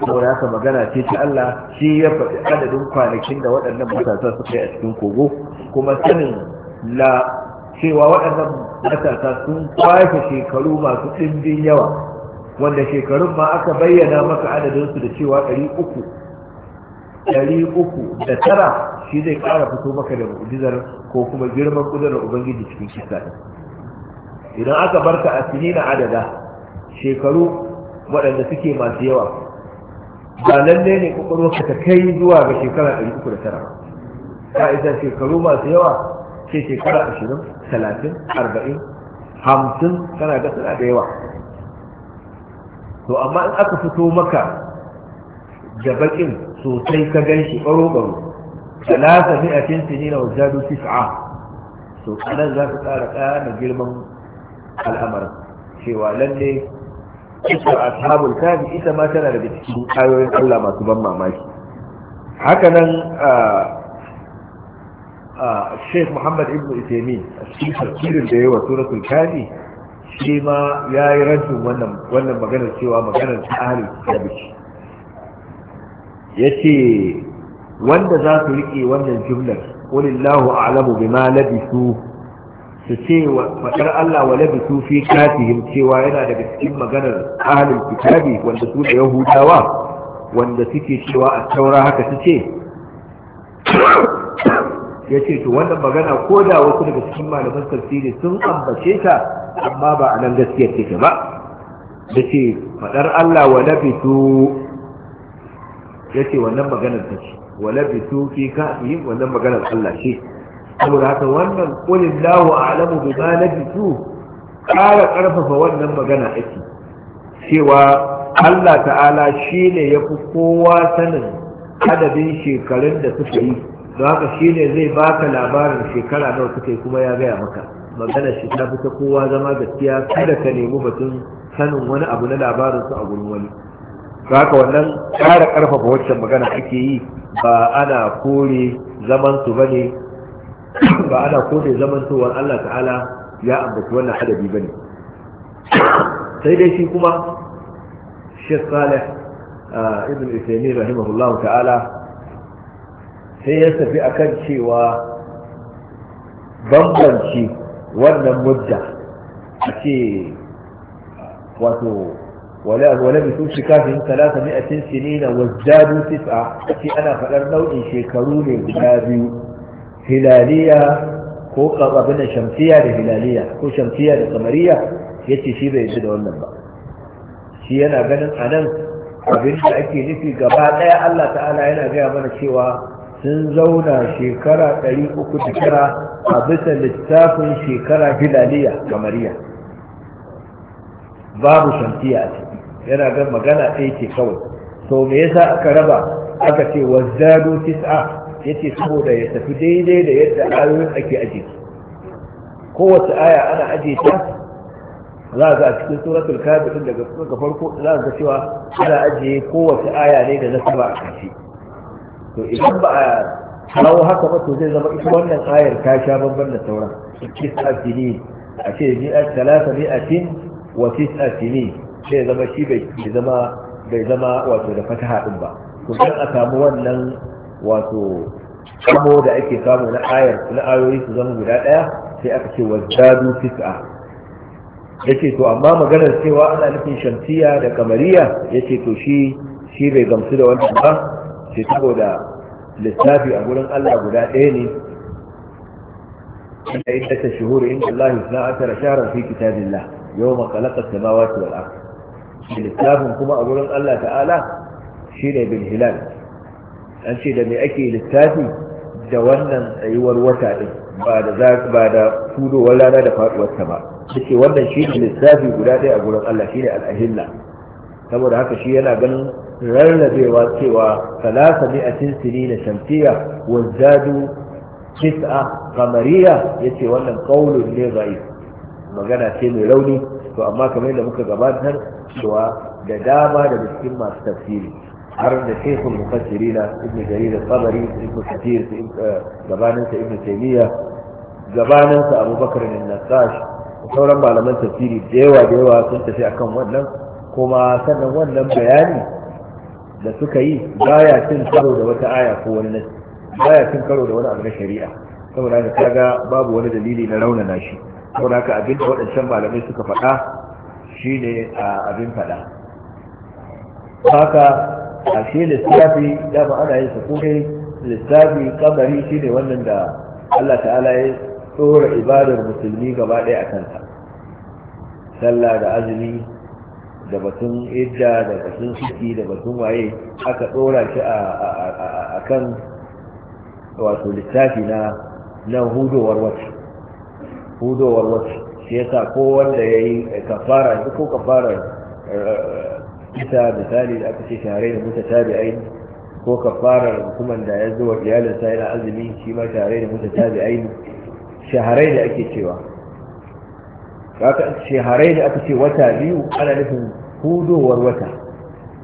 saboda haka magana ce ta Allah shi ya faɗi adadin kwanakin da waɗannan matasa suka yi a cikin kogo kuma sanin la cewa waɗannan matasa sun kwafe shekaru masu ɗimbin yawa wanda shekarun ma aka bayyana maka adadinsu da cewa ɗari uku ɗari uku da tara shi zai ƙara fito maka da mu'jizar ko kuma girman ƙudurar ubangiji cikin kisa idan aka barka a sinina adada shekaru waɗanda suke masu yawa ba lalle ne ka ta kai zuwa ga shekara 309 ta isa shekaru masu yawa ce shekara 20 30 40 50 kana ga suna da yawa to amma in aka fito maka da bakin sosai ka gan shi ɓaro-ɓaro talata ne a cin tuni na wajadu tis'a to kanan za ka tsara ƙara girman al'amarin cewa lalle a ashabul kafi ita ma tana daga cikin ayoyin Allah masu ban mamaki haka nan Sheikh Muhammad Ibn Uthaymeen a cikin tafsirin da yawa suratul kafi shi ma ya yi rantun wannan maganar cewa maganar ta ahlul ya yace wanda za su rike wannan jumlar qulillahu a'lamu bima labisu su ce faɗar Allah wa labi su fi kafihim cewa yana daga cikin maganar ahalin kitabi wanda su da yahudawa wanda suke cewa a taura haka su ce [COUGHS] ya ce to wannan magana ko da wasu daga cikin malaman tafsiri sun ambace ta amma ba a nan gaskiyar take ba da ce faɗar Allah wa labi su ya ce wannan maganar ta ce wa labi su fi kafihim wannan maganar Allah ce saboda haka wannan kulin a a'lamu bi ma labisu ƙara ƙarfafa wannan magana ake cewa Allah ta'ala shi ne ya fi kowa sanin adadin shekarun da suka yi don haka shi ne zai baka labarin shekara nawa suka yi kuma ya gaya maka magana shi ta fi ta kowa zama gaskiya kada ka nemi batun sanin wani abu na labarin su a gurin wani haka wannan ƙara ƙarfafa waccan magana ake yi ba ana kore zaman su bane [COUGHS] ba ana kone zamantowar Allah ta'ala ya ambaci wannan ba ne [COUGHS] sai dai shi kuma Sheikh Saleh Ibn Uthaymeen rahimahullah ta'ala sai ya tafi kan cewa bambanci wannan mudda a ce wato ولا ولبثوا في كهفهم 300 a ce ana في nau'in shekaru ne guda biyu. hilaliya ko abin da shamsiya da hilaliya ko shamsiya da Samariya ya ce shi bai yi da wannan ba shi yana ganin a nan abin da ake nufi gaba ɗaya allah ta'ala yana gaya mana cewa sun zauna shekara ɗari uku da kira a bisa littafin shekara hilaliya Samariya. babu shamsiya a ciki yana gan magana ɗaya ce kawai to me yasa aka raba aka ce wazzadu tis'a yace saboda ya tafi daidai da yadda ayoyin ake aje kowace aya ana aje ta za ga a cikin suratul kafir din daga farko za ga cewa ana aje kowace aya ne da nasaba a kashi to idan ba a kawo haka ba to zai zama ita wannan ayar ta sha bamban da sauran tis'a sinin a ce mi'a talata mi'atin wa tis'a sinin sai zama shi bai zama bai zama wato da fataha haɗin ba to dan a samu wannan wato kamo da ake samu na ayar na ayoyi su zama guda ɗaya sai aka ce wa zadu tis'a yace to amma maganar cewa ana nufin shamsiya da kamariya yace to shi shi bai gamsu da wannan ba sai saboda lissafi a gurin Allah guda ɗaya ne inda inda ta shuhuru inda Allah na asara shahara fi kitabillah yawma khalaqa samawati wal ard lissafin kuma a gurin Allah ta'ala shi ne bil hilal an ce da me ake littafi da wannan tsayuwar wata din ba da za ba da fudowar rana da faɗuwar ta ba yace wannan shi ne littafi guda ɗaya a gurin Allah shi ne ahilla saboda haka shi yana ganin rarrabewa cewa a mi'atin na shamsiyya wa zadu tis'a Ya yace wannan qaulun ne ghaib magana ce mai rauni to amma kamar da muka gabatar cewa da dama da cikin masu tafsiri har da shekul mufassirina ibn jarir al-tabari ibn kathir eh, gabaninsa ibn taymiya gabaninsa abubakar an-nasash sauran malaman tafsiri da yawa da yawa sun tafi akan wannan kuma sannan wannan bayani da suka yi ya cin karo da wata aya ko wani nasi ya cin karo da wani abu na shari'a saboda haka kaga babu wani dalili na raunana shi saboda haka abin da waɗancan malamai suka faɗa shine a ah, abin faɗa haka a shi lissafi dama ana yin su kuɗe lissafi kamari shi ne wannan da Allah ta'ala ya tsora ibadar musulmi gaba ɗaya a kansa sallah da azumi da batun idda da batun suki da batun waye aka tsora shi a kan wato lissafi na na hudowar wacce hudowar wacce shi yasa ko wanda ya yi kafara ko kafara eh, kisa misali da aka ce tare da mutu tabi'ai ko kafarar mutumin da ya zo iyalinsa yana azumi shi ma tare da mutu tabi'ai shaharai da ake cewa shaharai da aka ce wata biyu ana nufin hudowar wata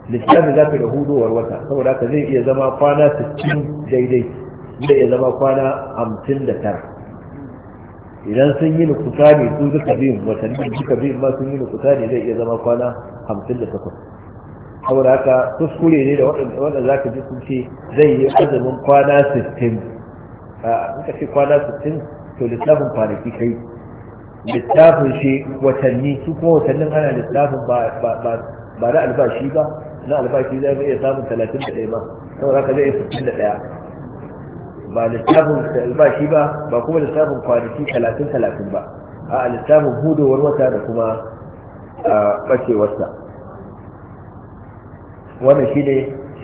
littafi za ka da hudowar wata saboda haka zai iya zama kwana 60 daidai zai iya zama kwana 59 idan sun yi nukuta ne sun duka biyun watanni duka biyun ma sun yi nukuta ne zai iya zama kwana 58 saboda haka kuskure ne da wanda za ka ji sun ce zai yi azumin kwana 60 a ka ce kwana 60 to lissafin kwanaki kai littafin shi watanni su kuma watannin ana littafin ba na albashi ba na albashi zai iya samun 31 ba saboda haka zai yi 61 ba littafin albashi ba ba kuma littafin kwanaki 30-30 ba a littafin hudowar wata da kuma bacewarsa wannan shi ne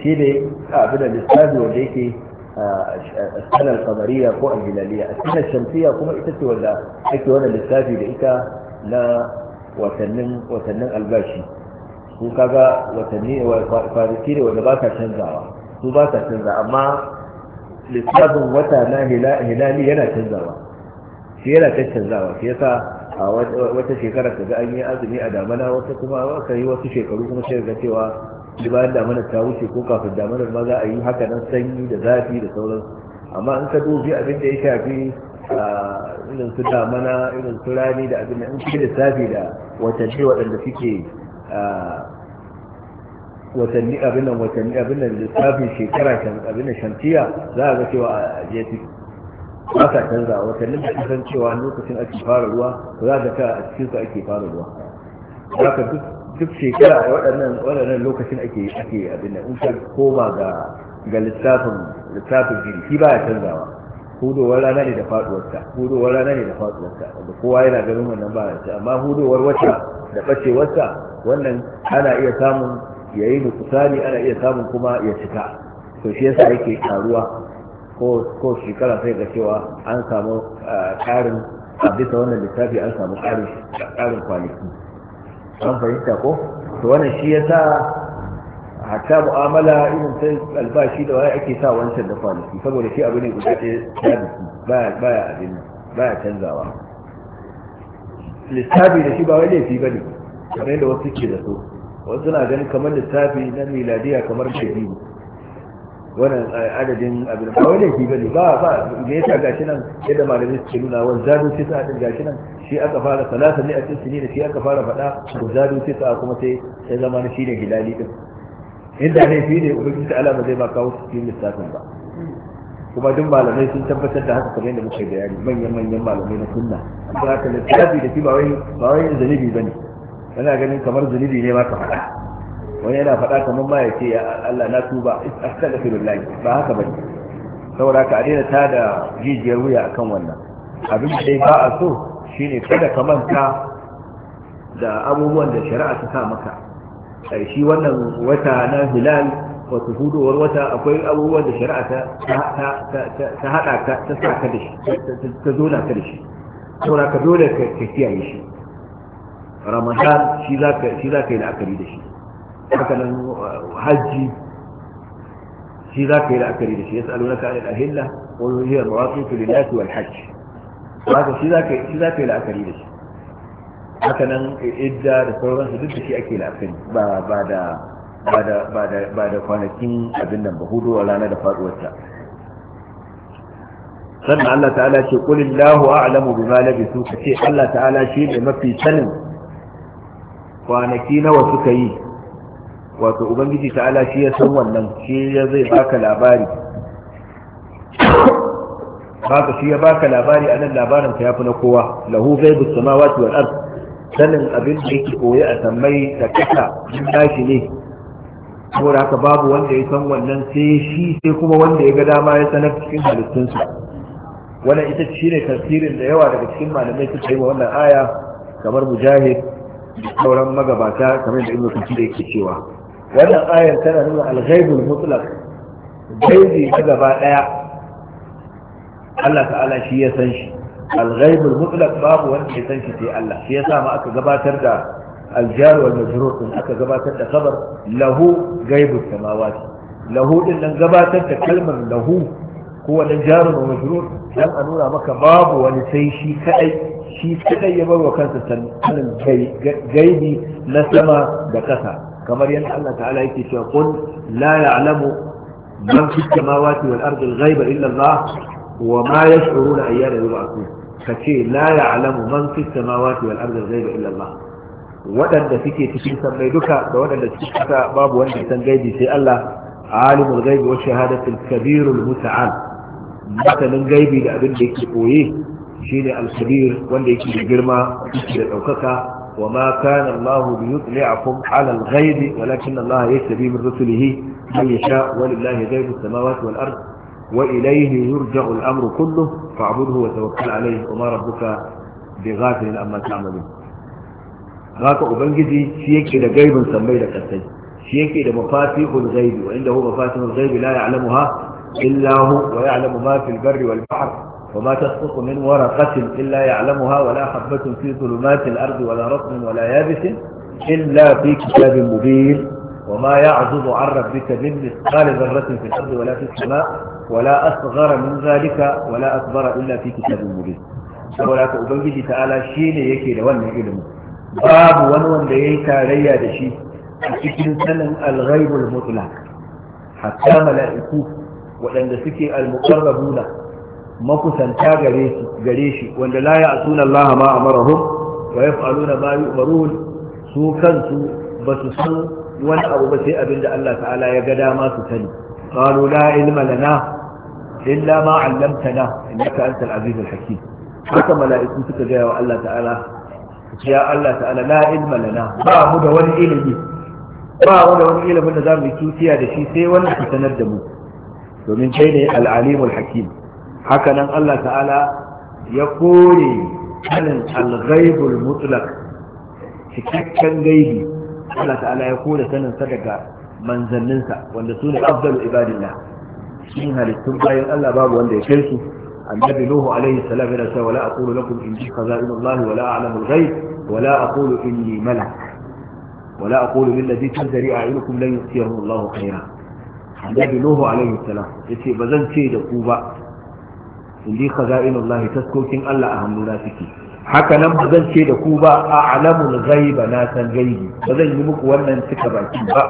shi ne abin da lissafi wanda yake a sanar kamariya ko alhilaliya a cikin shamsiya kuma ita ce wanda ake wannan lissafi da ita na watannin albashi ko kaga watanni kwanaki ne wanda ba ka canzawa su ba ka canza amma lissafin wata na hilali yana canzawa shi yana ta canzawa shi yasa a wata shekara ka ga an yi azumi a damana wata kuma aka yi wasu shekaru kuma sai ga cewa shi bayan damanar ta wuce ko kafin damanar ma za a yi haka nan sanyi da zafi da sauransu amma in ka dubi abin da ya shafi irin su damana irin su rani da abin da in fi lissafi da watanni waɗanda suke watanni abin nan watanni abin nan lissafin shekara abin nan shamsiya za a ga cewa a jefi ba sa canza watanni da kusan cewa lokacin ake fara ruwa za a ga ta a cikinsu ake fara ruwa za ka duk duk shekara a waɗannan waɗannan lokacin ake ake abin da in ka koma ga ga lissafin lissafin jiri shi baya canzawa hudowar rana ne da faduwarta hudowar rana ne da faduwarta wanda kowa yana ganin wannan ba shi amma hudowar wata da bacewarta wannan ana iya samun ya yayi nukusani ana iya samun kuma ya cika to shi yasa yake karuwa ko ko shekara sai ga cewa an samu karin eh, a bisa wannan lissafi an samu karin karin kwanaki an fahimta ko to wannan shi yasa hatta mu'amala irin sai albashi da waya ake sa wancan da kwanaki saboda shi abu ne guda ɗaya sabiti baya baya abin baya canzawa lissafi da shi ba wai laifi bane kamar yadda wasu ke da so wasu na ganin kamar lissafi na miladiya kamar shahidi wannan eh, adadin abin ba wani laifi bane ba ba me yasa shi nan yadda malami suke nuna wa zaru tisa din shi nan shi aka fara salatan ne a cikin sini da shi aka fara fada da zaru tisa kuma sai ya zama na shine hilali ɗin. inda ne laifi ne ubangiji ta alama zai ba kawo cikin lissafin ba kuma duk malamai sun tabbatar da haka kamar yadda muka bayani manyan manyan malamai na sunna amma haka lissafi da shi ba wai ba wai zanibi bane kana ganin kamar zanibi ne ma ka faɗa wani yana faɗa kamar ma ya ce ya Allah na tuba astaghfirullah ba haka ba bane saboda ka ta da jijiyar wuya a kan wannan abin da dai ba a so shi ne kada ka manta da abubuwan da shari'a ta sa maka shi wannan wata na hilal wato hudowar wata akwai abubuwan da shari'a ta haɗa ka ta sa ka da shi ta zona ka da shi saboda ka dole ka kiyaye shi ramadan shi za ka yi la'akari da shi hakanan uh, hajji shi za ka yi la'akari da shi ya sa'alu na ka'adar ahilla wani hiyar mawaƙi fililati wal hajji ba shi za ka yi la'akari da shi haka nan idda da sauransu duk da shi ake la'akari ba da ba da kwanakin abin nan ba hudu wa rana da faɗuwarta sannan Allah ta'ala ce a a'lamu bi labisu ka ce Allah ta'ala shi ne mafi sanin kwanaki nawa suka yi wato ubangiji Ala shi ya san wannan shi ya zai baka labari shi ya baka labari a nan labarin ka yafi na kowa lahu ghaibu samawati wal ard sanin abin da yake koyi a sammai da kasa shi ne saboda haka babu wanda ya san wannan sai shi sai kuma wanda ya ga dama ya sanar cikin halittunsa wannan ita shi ne tafsirin da yawa daga cikin malamai suka yi wa wannan aya kamar mujahid da sauran magabata kamar da ibnu kathir yake cewa wannan ayar tana nuna alghaibul mutlaq gaibi na gaba daya Allah ta'ala shi ya san shi alghaibul mutlaq babu wanda ya san shi sai Allah shi yasa ma aka gabatar da aljar wal majrur din aka gabatar da khabar lahu ghaibus samawati lahu din nan gabatar da kalmar lahu ko wani jarun wa majrur dan a nuna maka babu wani sai shi kadai shi kadai ya bar wa kansa sanin gaibi na sama da kasa kamar yadda Allah ta'ala yake cewa qul la ya'lamu man fi samawati wal ardi al ghaiba illa Allah wa ma yash'uruna ayyana yub'athun kace la ya'lamu man fi samawati wal ardi al ghaiba illa Allah waɗanda suke cikin sammai duka da waɗanda suke kasa babu wanda san gaibi sai Allah alimul gaibi wa shahadatul kabiru muta'al masanin gaibi da abin da yake koye shine al-kabir wanda yake da girma yake da ɗaukaka وما كان الله ليطلعكم على الغيب ولكن الله يجتبي من رسله من يشاء ولله غيب السماوات والأرض وإليه يرجع الأمر كله فاعبده وتوكل عليه وما ربك بغافل أما تعملون غاك أبنجدي شيك إلى غيب سمي لك السجد شيك إلى مفاتيح الغيب وعنده مفاتيح الغيب لا يعلمها إلا هو ويعلم ما في البر والبحر وما تسقط من ورقة إلا يعلمها ولا حبة في ظلمات الأرض ولا رطب ولا يابس إلا في كتاب مبين وما يعزب عن ربك من مثقال ذرة في الأرض ولا في السماء ولا أصغر من ذلك ولا أكبر إلا في كتاب مبين saboda ka ubangiji ta'ala shi ne yake da wannan ilimin babu wani wanda ya yi tarayya da shi a cikin sanin alghaibul mutlaq hatta mala'iku waɗanda suke al-muqarrabuna makusanta gare shi gare shi wanda la ya'tuna Allah ma amarahum wa yaf'aluna ma yu'marun su kansu ba su san wani abu ba sai abinda Allah ta'ala ya ga dama su sani qalu la ilma lana illa ma 'allamtana innaka antal azizul hakim haka mala'iku suka ga wa Allah ta'ala ya Allah ta'ala la ilma lana ba mu da wani ilimi ba mu da wani ilimi da zamu yi tutiya da shi sai wannan sanar da mu domin kai ne al-alimul hakim haka nan Allah ta'ala ya kore halin al mutlak cikakken gaibi Allah ta'ala ya kore sanin sa daga manzanninsa wanda su ne Abdul ibadillah sun halittun bayan Allah babu wanda ya kai su النبي نوح عليه السلام قال ولا أقول لكم إني خزائن الله ولا أعلم الغيب ولا أقول إني ملك ولا أقول للذي تزري أعينكم لن يؤتيهم الله خيرا النبي نوح عليه السلام ce da ku ba. in ji taskokin Allah a hannuna suke haka nan ba zan ce da ku ba a alamul ghaiba na san gaibi ba zan yi muku wannan cika baki ba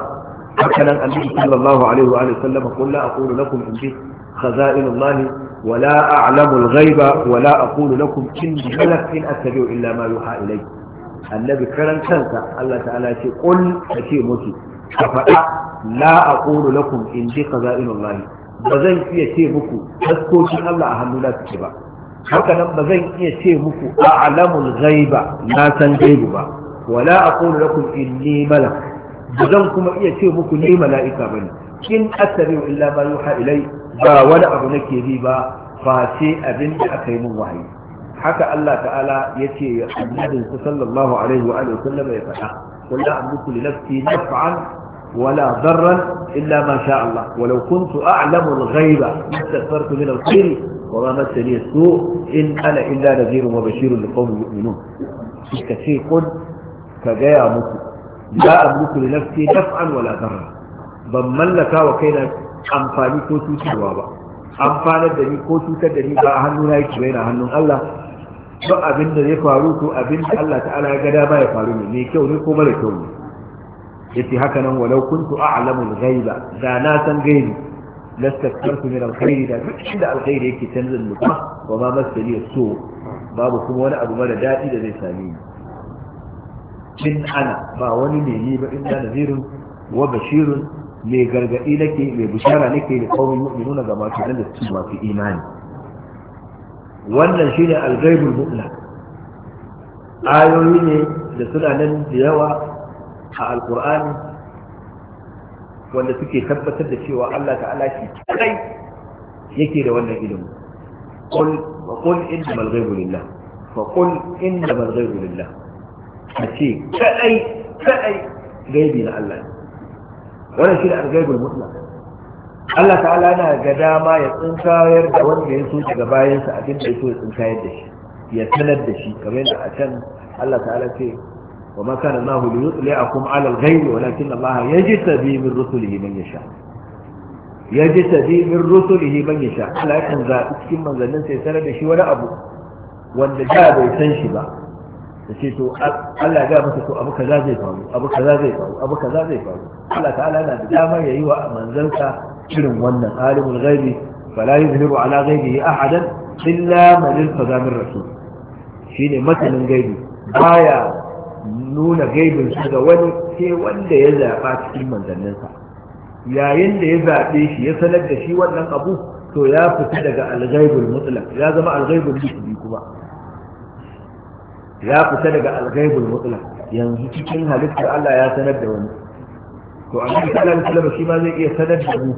haka nan annabi sallallahu alaihi wa sallam qul la aqulu lakum in ji khaza'inullah ولا أعلم الغيب ولا أقول لكم إني ملك in أتبع إلا ما يوحى إلي annabi karan kansa Allah ta'ala ce kul kace musu ka faɗa la aqulu lakum in ji qaza'inullah ba zan iya ce muku haskokin Allah a hannuna suke ba haka nan ba zan iya ce muku a alamul ghaiba na san gaibu ba wala aqulu lakum inni malak ba zan kuma iya ce muku ni mala'ika bane in asabiu illa ma yuha ilai ba wani abu nake bi ba face abin da aka yi min wahayi haka Allah ta'ala ya annabinsa sallallahu alaihi wa sallam ya faɗa kullu amliku li nafsi naf'an ولا ضرا إلا ما شاء الله ولو كنت أعلم الغيب استغفرت من الخير وما مسني السوء إن أنا إلا نذير وبشير لقوم يؤمنون كثير كجاء مكو لا أملك لنفسي نفعا ولا ضرا بمن لك وكينا أنفاني كوتو سوابا أنفانا دني كوتو تدني بأهنو لا يتبين أهنو الله ba abin da zai faru ko abin da Allah ta'ala ya ga dama ya faru ne mai kyau ne ko mara kyau ne yace haka nan walau kuntu a'lamu al-ghaiba da na san gaibi lastaktartu min al-khairi da duk inda al-khairi yake tanzil mutum ba ma masali so babu kuma wani abu mara daɗi da zai same ni in ana ba wani ne ni ba inda nazirin wa bashirun mai gargaɗi nake mai bishara nake da kawai mu'minuna ga masu nan da su masu imani wannan shine al-ghaibul mutlaq ayoyi ne da suna nan da yawa a alkur'ani wanda suke tabbatar da cewa Allah ta'ala shi kadai yake da wannan ilimi qul wa qul innamal ghaibu lillah fa qul innamal ghaibu lillah kace kadai kadai gaibi na Allah wannan shi da al-ghaibul mutlaq Allah ta'ala yana ga dama ya tsinkayar da wanda ya so daga bayansa abin da ya so ya tsinkayar da shi ya sanar da shi kamar yadda a can Allah ta'ala ce wa ma kana Allahu li yutli'akum 'ala al-ghayb walakin Allah yajtabi min rusulihi man yasha yajtabi min rusulihi man yasha Allah ya kan zabi cikin manzannin sai tare da shi wani abu wanda da bai san shi ba da ce to Allah ga masa abu kaza zai faru abu kaza zai faru abu kaza zai faru Allah ta'ala yana da damar yi wa manzansa irin wannan alimul ghaibi fala yuzhiru ala ghaibihi ahadan illa shine masanin gaibi baya nuna gaibin shi ga wani sai wanda ya zaɓa cikin manzanninsa yayin da ya zaɓe shi ya sanar da shi wannan abu to ya fita daga algaibul mutlaq ya zama algaibul mutlaq kuma ya fita daga algaibul mutlaq yanzu cikin halitta Allah ya sanar da wani to annabi sallallahu alaihi wasallam shi ma zai iya sanar da mu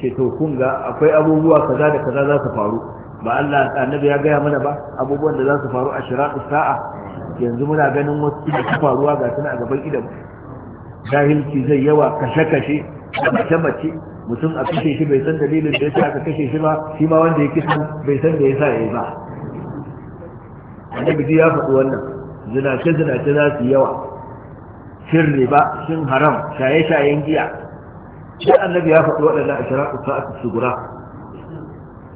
ce to kun ga akwai abubuwa kaza da kaza za su faru ba Allah annabi ya gaya mana ba abubuwan da za su faru a shiratu sa'a yanzu muna ganin wasu da faruwa ga suna a gaban idan jahilci zai yawa kashe-kashe a mace-mace mutum a kashe shi bai san dalilin da ya sa aka kashe shi ba shi ma wanda ya kisan bai san da ya sa ya yi ba annabi ya faɗi wannan zinace-zinace za su yawa shin riba shin haram shaye-shayen giya sai annabi ya faɗi waɗannan a shara'a a sugura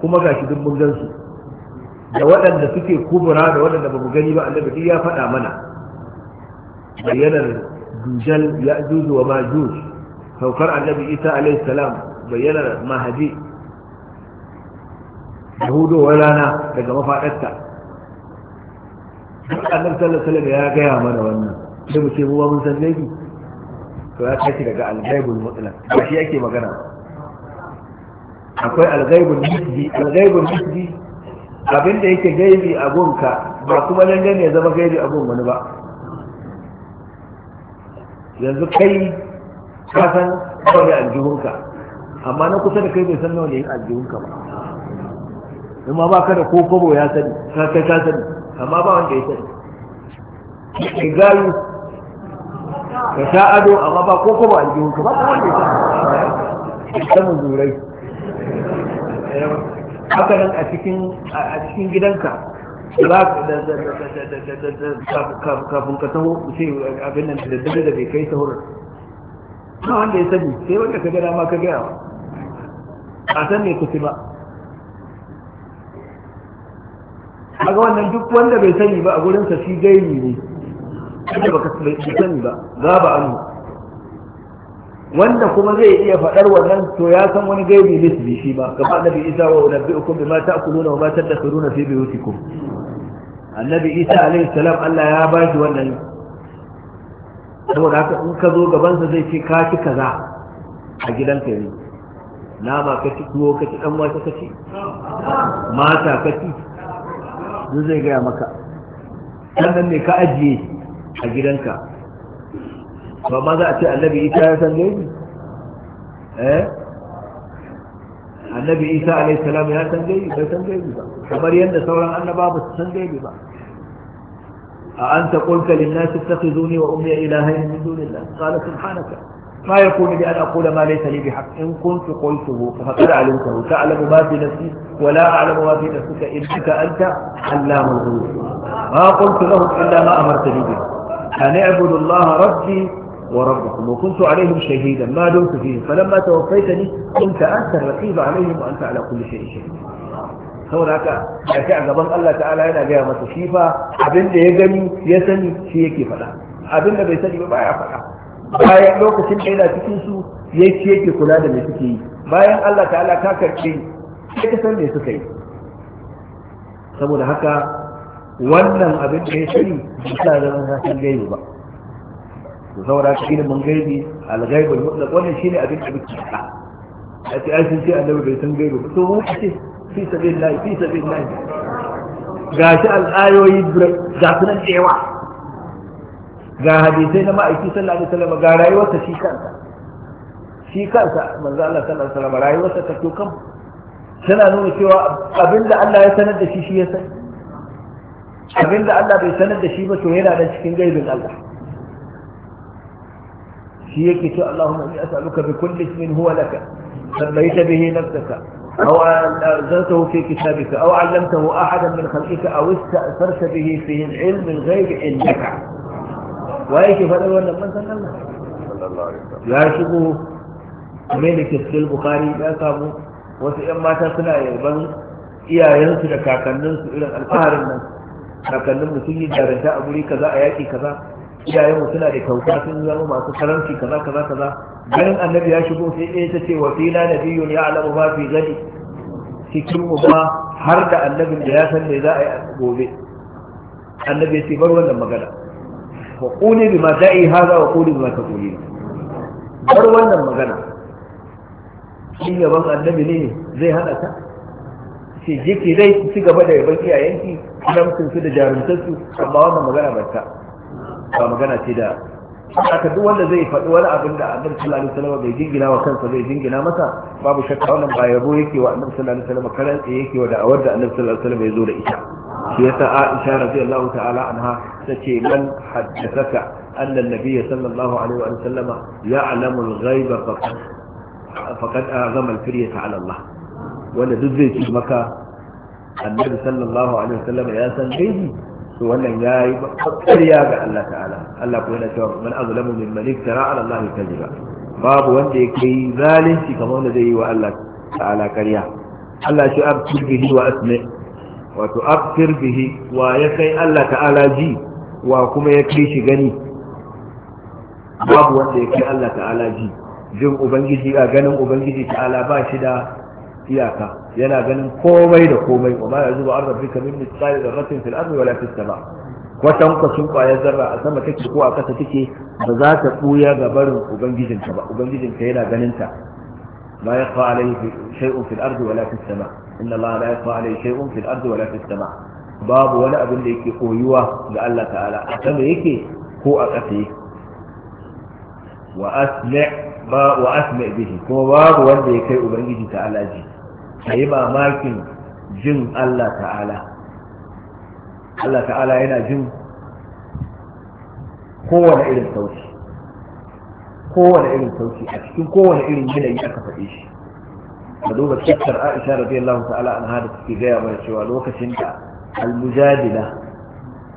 kuma ga shi duk mun gansu da waɗanda suke kubura da waɗanda ba mu gani ba annabi duk ya faɗa mana bayyanar dujal ya juju wa majuj saukar annabi isa alaihi salam bayyanar mahadi wa rana daga mafaɗarta duk annabi sallallahu alaihi wasallam ya gaya mana wannan sai mu ce mu ba mun san laifi to ya tashi daga alghaibul mutlaq ba shi yake magana akwai alghaibul nisbi alghaibul nisbi abin da yake gaibi a gunka ba kuma lalle ya zama gaibi a gun wani ba yanzu kai ka san ne aljihunka amma na kusa da kai bai san nawa ne aljihunka ba amma ba ka da ko kobo ya sani ka kai ka sani amma ba wanda ya sani Ki gayu ka sha ado amma ba ko kobo aljihunka ba ko wanda ya sani ka mun zurai haka nan a cikin gidanka kafin ka taho ce abin nan da dare da bai kai sahur ba wanda ya sani sai wanda ka gada ma ka gaya wa a san ne kusi ba a ga wannan duk wanda bai sani ba a gurinsa shi gaini ne wanda ba ka sani ba za ba anu wanda kuma zai iya faɗar wannan to ya san wani gaibi nisbi shi ba. gaba annabi isa wa unabbi'ukum bima ta'kuluna wa ma tadakhuruna fi buyutikum annabi isa alaihi salam Allah ya ba shi wannan saboda haka in ka zo gaban sa zai ce ka ci kaza a gidanka ne nama ka ci tuwo ka ci dan wata ka ci mata ka ci zai gaya maka sannan ne ka ajiye a gidanka فماذا أتى النبي إيسى عليه السلام النبي إيسى عليه السلام يا سنجي يا سنجي فمريم سورا أن باب السنجي بما أأنت قلت للناس اتخذوني وأمي إلهين من دون الله قال سبحانك ما يكون لي أن أقول ما ليس لي بحق إن كنت قلته فقد علمته تعلم ما في نفسي ولا أعلم ما في نفسك إنك أنت علام الغيوب ما قلت لهم إلا ما أمرت لي به أن اعبدوا الله ربي وربكم وكنت عليهم شهيدا ما دمت فيهم فلما توفيتني كنت أنت الرقيب عليهم وأنت على كل شيء شهيد saboda haka ya kai a gaban Allah ta'ala yana gaya masa shi fa abin da ya gani ya sani shi yake faɗa abin da bai sani ba baya faɗa bayan lokacin da yana cikin su yake kula da mai suke yi bayan Allah ta'ala ka karɓe sai ka suka yi saboda haka wannan abin da ya sani ba sa zama san gaibu ba to saboda ka mun gaibi alghaibul mutlaq wannan shine abin da muke faɗa a ce ai sun ce annabi bai san gaibi ba. to mu ce fi sabilillah fi sabilillah gashi al'ayoyi ga sunan da yawa ga hadisai na ma'aiki sallallahu alaihi wasallam ga rayuwarsa shi kansa shi kansa manzo Allah sallallahu alaihi wasallam rayuwarsa ta to kan tana nuna cewa abinda Allah ya sanar da shi shi ya san abinda Allah bai sanar da shi ba to yana da cikin gaibin Allah shi yake to Allahumma inni as'aluka bi kulli ismin huwa laka sallaita bihi nafsaka أو أنزلته في كتابك أو علمته أحدا من خلقك أو استأثرت به fi العلم الغيب عندك وأيش فلو أن من صلى الله ya shigo mai da kiskil ya samu wasu 'yan mata suna yaban iyayensu da kakanninsu irin alfaharin nan kakannin mu sun yi jarinta a wuri kaza a yaƙi kaza Iyayenmu suna da kyauta sun zama masu karanci kaza kaza kaza ganin annabi ya shigo sai ɗaya ta ce wa fina nabiyyun ya'lamu ma fi gadi cikin mu ba har da annabin da ya san me za a yi gobe annabi ya ce bar wannan magana wa quli bima da'i hadha wa ma ta taqulin bar wannan magana shi yaban annabi ne zai hana ta ce jiki dai ci gaba da yaban iyayenki karamcin su da jarumtarsu amma wannan magana ba ta ba magana ce da haka duk wanda zai faɗi wani abin da annabi sallallahu alaihi wasallam bai jingina wa kansa bai jingina masa babu shakka wannan ba yabo yake wa annabi sallallahu alaihi wasallam karan tsaye yake wa da'awar da annabi sallallahu alaihi wasallam ya zo da ita shi yasa Aisha radiyallahu ta'ala anha tace man haddathaka anna an-nabiy sallallahu alaihi wa sallama ya'lamu al-ghaiba faqad faqad azama al-firyata ala Allah wanda duk zai ci maka annabi sallallahu alaihi wasallam ya san gaibi to wannan ya yi ƙarya ga Allah ta'ala Allah ko yana cewa man azlamu min man iftara ala Allah kadhiba babu wanda ya kai zalunci kamar wanda zai yi wa Allah ta'ala ƙarya Allah shi abtir bihi wa asmi wato abtir bihi wa ya kai Allah ta'ala ji wa kuma ya kai shi gani babu wanda ya kai Allah ta'ala ji jin ubangiji a ganin ubangiji ta'ala ba shi da iyaka yana ganin komai da komai wa ma yazubu an rabbika min da dharratin fil ardi wala fis sama kwatan kwacin kwayar zarra a sama take ko a kasa take ba za ta buya ga barin ka ba ubangijin ka yana ganin ta la yaqa alayhi shay'un fil ardi wala fis sama inna allaha la yaqa alayhi shay'un fil ardi wala fis sama babu wani abin da yake koyuwa ga Allah ta'ala a sama yake ko a kasa yake wa asmi' ba wa asmi' bihi kuma babu wanda ya kai ubangiji ta'ala ji ka yi mamakin jin Allah ta'ala Allah ta'ala yana jin kowane irin sauti kowane irin sauti a cikin kowane irin yanayi aka faɗi shi A duba cikin Aisha da radiyallahu ta'ala anha hada suke gaya mana cewa lokacin da al-mujadila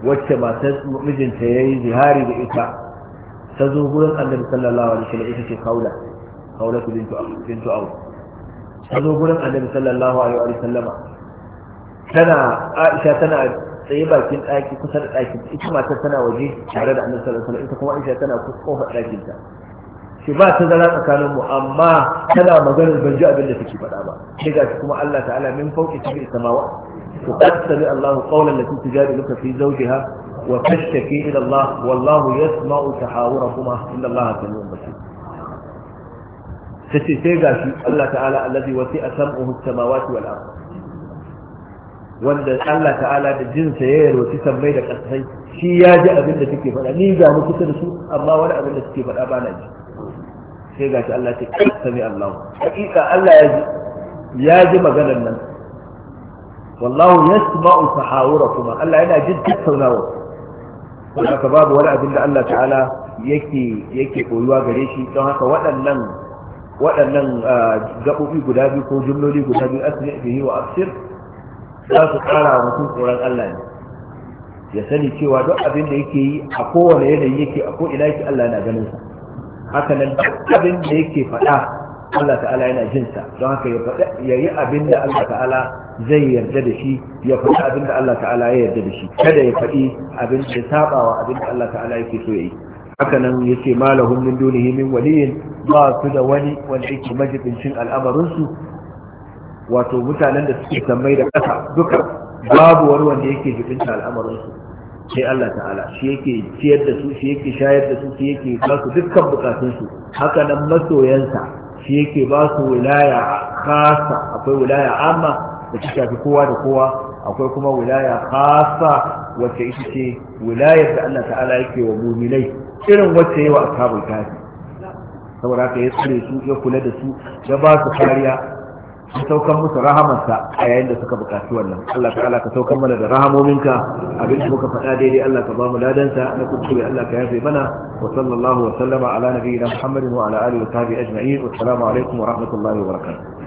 wacce matar mijinta yayi zihari da ita ta zo gurin Annabi sallallahu alaihi wasallam ita ce kaula kaula bintu bintu Abu ta zo gurin annabi sallallahu alaihi wa sallama tana aisha tana tsaye bakin ɗaki kusa da ɗakin ita matar tana waje tare da annabi sallallahu alaihi ita kuma aisha tana kusa ɗakin ta shi ba ta zara tsakanin mu amma tana maganar ban ji abin da take faɗa ba sai ga kuma Allah ta'ala min fauki tabi samawa to qad sami Allah qawlan lati tujadiluka fi zawjiha wa tashtaki ila Allah wallahu yasma'u tahawurakuma inna Allah samiu basir tace sai shi Allah ta'ala allazi wasi'a sam'uhu as-samawati wal ardh wanda Allah ta'ala da jinsa ya yarwaci sammai da ƙasai shi ya ji abin da suke faɗa ni ga mu kusa da su amma wani abin da suke faɗa ba na ji sai ga shi Allah ce sami Allah hakika Allah ya ji ya ji maganar nan wallahu yasma'u tahawurakum Allah yana jin tattaunawa haka babu wani abin da Allah ta'ala yake yake koyuwa gare shi don haka waɗannan waɗannan gaɓoɓi guda biyu ko jumloli guda biyu fi yi wa absir za su ƙara wa mutum tsoron Allah ne ya sani cewa duk abin da yake yi a kowane yanayi yake a ko ina yake Allah yana ganin sa haka nan duk abin da yake faɗa Allah ta'ala yana jin sa don haka ya faɗa ya yi abin da Allah ta'ala zai yarda da shi ya faɗi abin da Allah ta'ala ya yarda da shi kada ya faɗi abin da ya saba wa abin da Allah ta'ala yake so ya yi haka nan yace malahum min dunihi min waliyin ba su da wani wanda yake majibincin al'amarinsu wato mutanen da suke sammai da ƙasa duka babu wani wanda yake jibinta al'amarinsu sai Allah ta'ala shi yake ciyar da su shi yake shayar da su shi yake ba su dukkan bukatunsu hakanan masoyansa shi yake ba su wilaya kasa akwai wilaya amma da ta shafi kowa da kowa akwai kuma wilaya kasa wacce ita ce wilayar da Allah ta'ala yake wa muminai irin wacce yawa a sabon kafi saboda haka ya tsare su ya kula da su ya ba su kariya ya saukan musu rahamarsa a yayin da suka bukaci wannan Allah ta'ala ka saukan mana da rahamominka abin da muka faɗa daidai Allah ka ba mu ladansa na kuskure Allah ka yafe mana wa sallallahu wa sallama ala nabiyina Muhammadin wa ala alihi wa sahbihi ajma'in wa assalamu alaikum wa rahmatullahi wa barakatuh